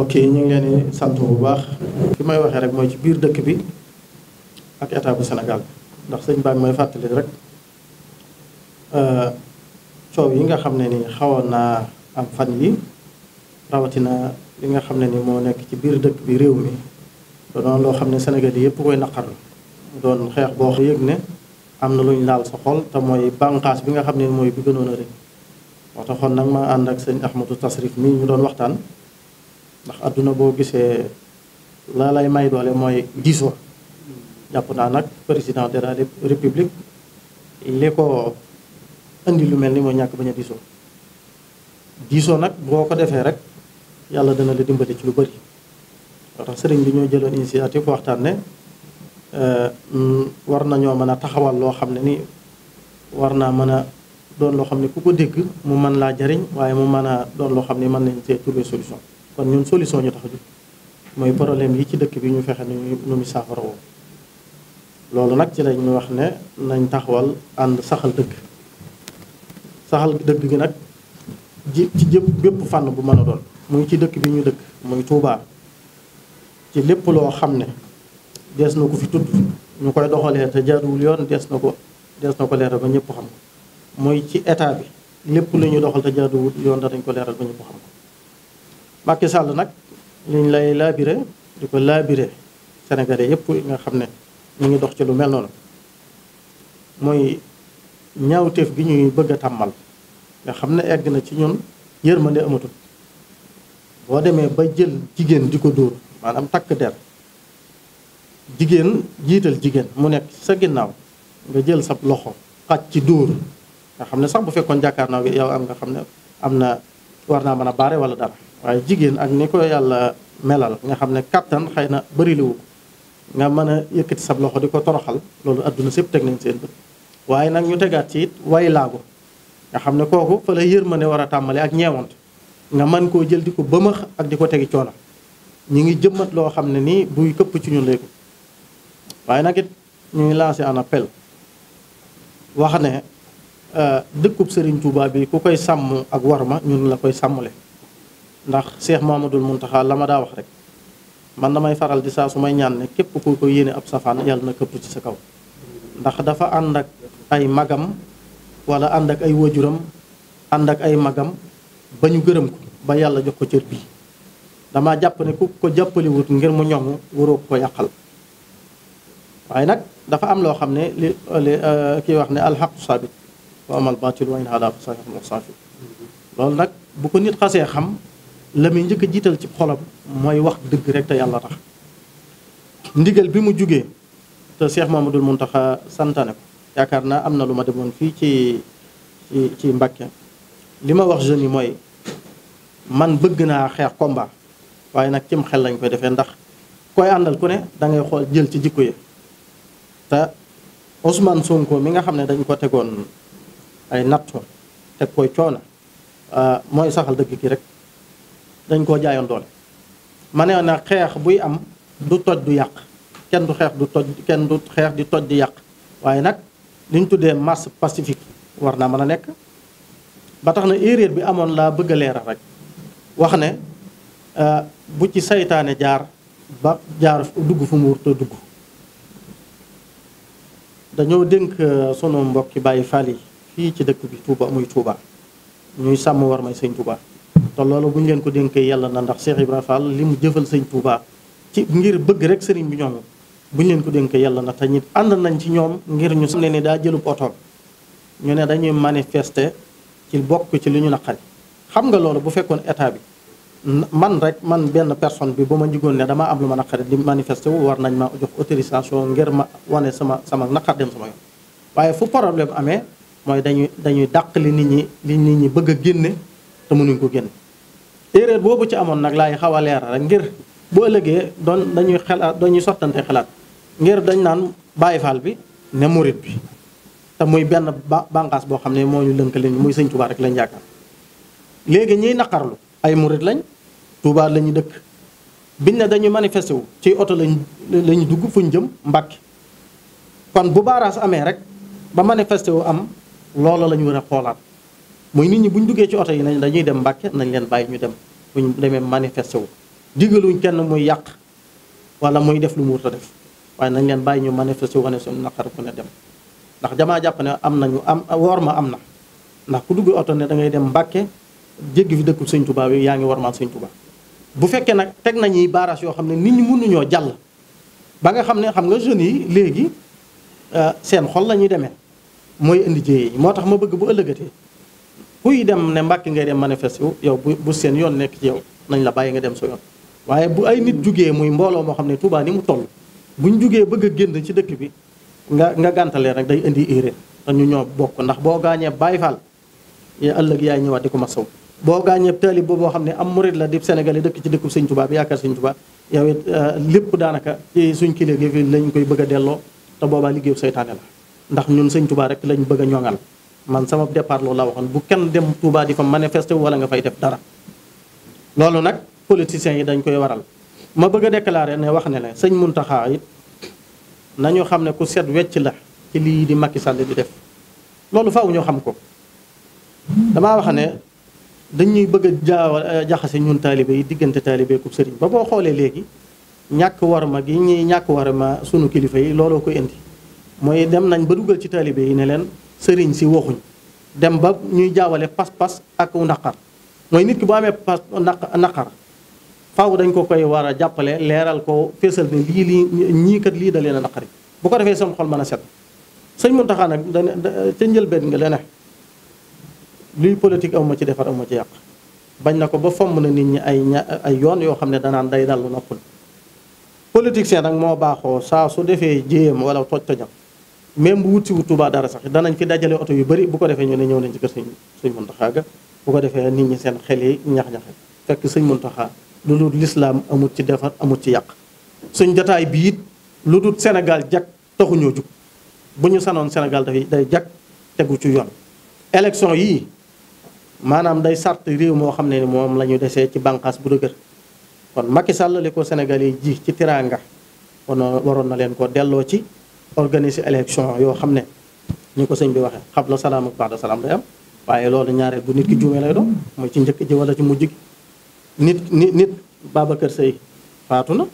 mbokk yi ñu ngi leen di sant bu baax fi may waxee rek mooy ci biir dëkk bi ak état bu Sénégal ndax sëñ baa ngi may fàttali rek euh, coow yi nga xam ne ni xawoon naa am fan yi rawatina li nga xam ne ni moo nekk ci biir dëkk bi réew mi doon loo xam ne Sénégal yi yëpp koy naqarlu doon xeex boo xam yëg ne am na luñ ñu laal sa xol te mooy banqaas bi nga xam ne mooy bi gënoon a rëy moo taxoon nag ma ànd ak sañ Ahmadou Tasrif mii ñu doon waxtaan ndax àdduna boo gisee laa lay may doole mooy diisoo jàpp naa nag président de la république li ko indi lu mel ni mooy ñàkk bañ a diisoo diisoo nag boo ko defee rek yàlla dana la dimbali ci lu bëri moo tax sëriñ bi ñoo jëloon initiative waxtaan ne euh, war nañoo mën a taxawal loo xam ne ni war naa mën a doon loo xam ne ku ko dégg mu mën laa jariñ waaye mu mën a doon loo xam ne mën nañ see trouver solution kon ñun solution ñu tax ju mooy problème yi ci dëkk bi ñu fexe ñu mu saafara woo loolu nag ci lañu wax ne nañ taxawal ànd saxal dëgg saxal dëgg gi nag ji ci jëpp bépp fànn bu mën a doon muy ci dëkk bi ñu dëkk muy Touba ci lépp loo xam ne dees na ko fi tudd ñu koy doxalee te jaaduwul yoon des na ko dees na ko leeral ba ñëpp xam ko mooy ci état bi lépp lu ñu doxal te jaaduwul yoon danañ ko leeral ba ñëpp xam ko Macky Sall nag liñ lay laabiré di ko laabiré Sénégalais yëpp nga xam ne ñu ngi dox ci lu mel noonu mooy ñaawteef gi ñuy bëgg a tàmbal nga xam ne egg na ci ñun ne amatul boo demee ba jël jigéen di ko dóor maanaam takk der jigéen jiital jigéen mu nekk sa ginnaaw nga jël sa loxo xaj ci dóor nga xam ne sax bu fekkoon jàkkaarloo yow am nga xam ne am na war naa mën a baare wala dara waaye jigéen ak ni ko yàlla melal nga xam ne kàttan xëy na bëri liwu nga mën a yëkkati sab loxo di ko toroxal loolu adduna sépp teg nañ seen bët waaye nag ñu tegaat ci it way ko nga xam ne kooku fa la yërmande war a tàmbale ak ñeewant nga mën koo jël di ko bëmax ak di ko tegi coono ñu ngi jëmmat loo xam ne nii buy këpp ci ñun léegi waaye nag it ñu ngi lancé un appel wax ne euh, dëkkub sëriñ Touba bi ku koy sàmm ak warma ñun la koy sàmmule ndax Cheikh Mamadul taxaal la ma daa wax rek man damay faral di saa su may ñaan ne képp ku ko yéene ab safaan yàlla na këppu ci sa kaw ndax dafa ànd ak ay magam walla ànd ak ay wajuram ànd ak ay magam ba ñu gërëm ko ba yàlla jox ko cër bii dama jàpp ne ku ko jàppaliwut ngir mu ñoŋu waroo ko yàqal waaye nag dafa am loo xam ne li li euh, wax ne alxaqu saabit wa amal baatilu wa in hadaa fa saafi loolu nag bu ko nit xasee xam la njëkk a jiital ci xolam mooy wax dëgg rek te yàlla tax ndigal bi mu jugee te Cheikh Mamadou Mountakha santane ko yaakaar naa am na lu ma demoon fii ci ci ci li ma wax jeunes yi mooy man bëgg naa xeex komba waaye nag cim xel lañ koy defee ndax koy àndal ku ne da ngay xool jël ci jikko yi te Ousmane Sonko mi nga xam ne dañ ko tegoon ay nattu teg koy coona ah, mooy saxal dëgg ki rek. dañ koo jaayoon doole ma na xeex buy am du toj du yàq kenn du xeex du toj kenn du xeex di toj di yàq waaye nag li ñu tuddee marche pacifique war naa mën a nekk ba tax na erreur bi amoon laa bëgg a leeral rek wax ne euh, bu ci seytaane jaar ba jaar dugg fu mu wër dugg dañoo dénk euh, sunu mbokki bàyyi faal yi fii ci dëkk bi Touba muy Touba ñuy sàmm war may sëñ Touba te loolu buñ leen ko dénkee yàlla na ndax Cheikh Ibra Fall li mu jëfal sëñ Touba ci ngir bëgg rek sëriñ bi ñoom buñ leen ko dénkee yàlla na te ñit ànd nañ ci ñoom ngir ñu sam ne ni daa jëlub otoom ñu ne dañuy manifester ci bokk ci lu ñu naqari xam nga loolu bu fekkoon état bi man rek man benn personne bi ba ma jigoon ne dama am lu ma naqari di manifester wu war nañ ma jox autorisation ngir ma wane sama sama naqar dem sama yoon waaye fu problème amee mooy dañuy dañuy dàq nit ñi li nit ñi bëgg a génne te mënuñ ko génne erreur boobu ci amoon nag laay xaw a leeral rek ngir bu ëllëgee doon dañuy xalaat dañuy sottante xalaat ngir dañ naan bàyyi Faal bi ne murit bi te muy benn banqaas boo xam ne moo ñu lënk leen muy sëñ Tuubaa rek lañ yaakaar léegi ñiy naqarlu ay murit lañ Tuubaa lañuy dëkk biñ ne dañuy manifesté wu ci oto lañ lañu dugg fuñ jëm Mbàkke kon bu baaraas amee rek ba manifesté wu am loola la ñu war a xoolaat mooy nit ñi bu ñu duggee ci oto yi nañ dañuy dem Mbàkke nañ leen bàyyi ñu dem bu ñu demee manifesté wu digaluñ kenn muy yàq wala muy def lu mu warut def waaye nañ leen bàyyi ñu manifesté wu ne suñu naqar ku ne dem ndax damaa jàpp ne am nañu am woor ma am na ndax ku dugg oto ne da ngay dem Mbàkke jéggi fi dëkkul Sëñ Tuubaa bi yaa ngi wormaal Sëñ Tuubaa bu fekkee nag teg nañuy barrage yoo xam ne nit ñi mënuñoo jàll ba nga xam ne xam nga jeunes yi léegi euh, seen xol la ñuy demee mooy indi jéye moo tax ma bëgg bu ëllëgatee kuy dem ne Mbàkke ngay dem manifester wu yow bu bu seen yoon nekk ci yow nañ la bàyyi nga dem sa yoon waaye bu ay nit jugee muy mbooloo moo xam ne Touba ni mu toll buñ jugee bëgg a génn ci dëkk bi nga nga gàntalee rek day indi urée te ñu ñoo bokk ndax boo gaañee Baay Faal yaa ëllëg yaay ñëwaat di ko masaw boo gaañee taalib boobu boo xam ne am murid la di Sénégalais dëkk ci dëkku Sëñ Touba bi yaakaar Sëñ Touba yow it euh, lépp daanaka ci suñ kilé gi fi lañ koy bëgg a delloo te boobaa liggéeyu seytaane la ndax ñun Sëñ Touba rek lañ bëgg a ñoŋal man sama depart loolu laa waxoon bu kenn dem Touba di fa manifester wala nga fay def dara loolu nag politiciens yi dañ koy waral ma bëgg a ne wax ne ne sëñ Mountakha it nañu xam ne ku set wecc la ci lii di Macky Sall di def loolu faw ñoo xam ko dama wax ne dañuy bëgg a jaawa eh, jaxase ñun taalibe yi diggante taalibe ku sëriñ ba boo xoolee léegi ñàkk war ma gi ñuy ñàkk war ma sunu kilifa yi looloo ko indi mooy dem nañ ba dugal ci taalibe yi ne leen sëriñ si waxuñ dem ba ñuy jaawale pas-pas ak naqar mooy nit ki bu amee pas naqar faaw dañ ko koy war a jàppale leeral ko feesal ne lii lii ñii kat lii da leen a naqari bu ko defee sam xol mën a set sëñ Muntaxa nag da ca njëlbeen nga lene luy politique amu ma ci defar amu ma ci yàq bañ na ko ba fomm na nit ñi ay ay yoon yoo xam ne danaan day dallu noppul politicien nag moo baaxoo saa su defee jéem wala toj tojam même bu wut tubaa dara sax danañ fi dajale oto yu bëri bu ko defee ñu ne ñëw nañ ci kër sëñ sëñ Muntaxa ga bu ko defee nit ñi seen xel yi ñax-ñaxe fekk sëñ Muntaxa lu dul lislaam amut ci defar amut ci yàq suñ jotaay bi it lu dul Sénégal jag taxuñoo jug bu ñu sanoon Sénégal dafay day jag tegu ci yoon élection yii maanaam day sart réew moo xam ne ni moom la ñu desee ci bànqaas bu dëgër kon Macky Sall li ko Sénégal yi ji ci tiraanga kon waroon na leen ko delloo ci organise élection yoo xam ne ñu ko sëñ bi waxee xabla salaam ak ba'da salaam day am waaye loolu ñaareel bu nit ki juumee lay doon mooy ci njëkk ji wala ci mu gi nit nit nit Babacar Seye faatu na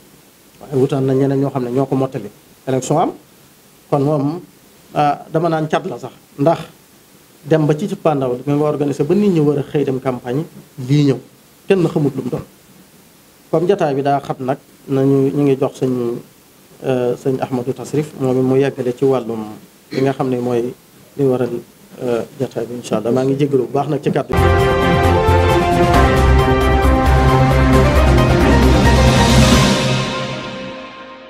waaye wutaan na ñeneen ñoo xam ne ñoo ko mottali élection am kon moom ah, dama naan cat la sax ndax dem ba ci ci pàndaw li nga organiser ba nit xëy dem campagne lii ñëw kenn xamut lu mu doon comme jataay bi daa xat nag nañu ñu ngi jox sëñ Euh, sëñ Ahmadou Tasrif moom it mu yeggale ci wàllum li nga xam ne mooy li waral euh, jataay bi incha allah maa ngi jégalu bu baax nag ci kàddu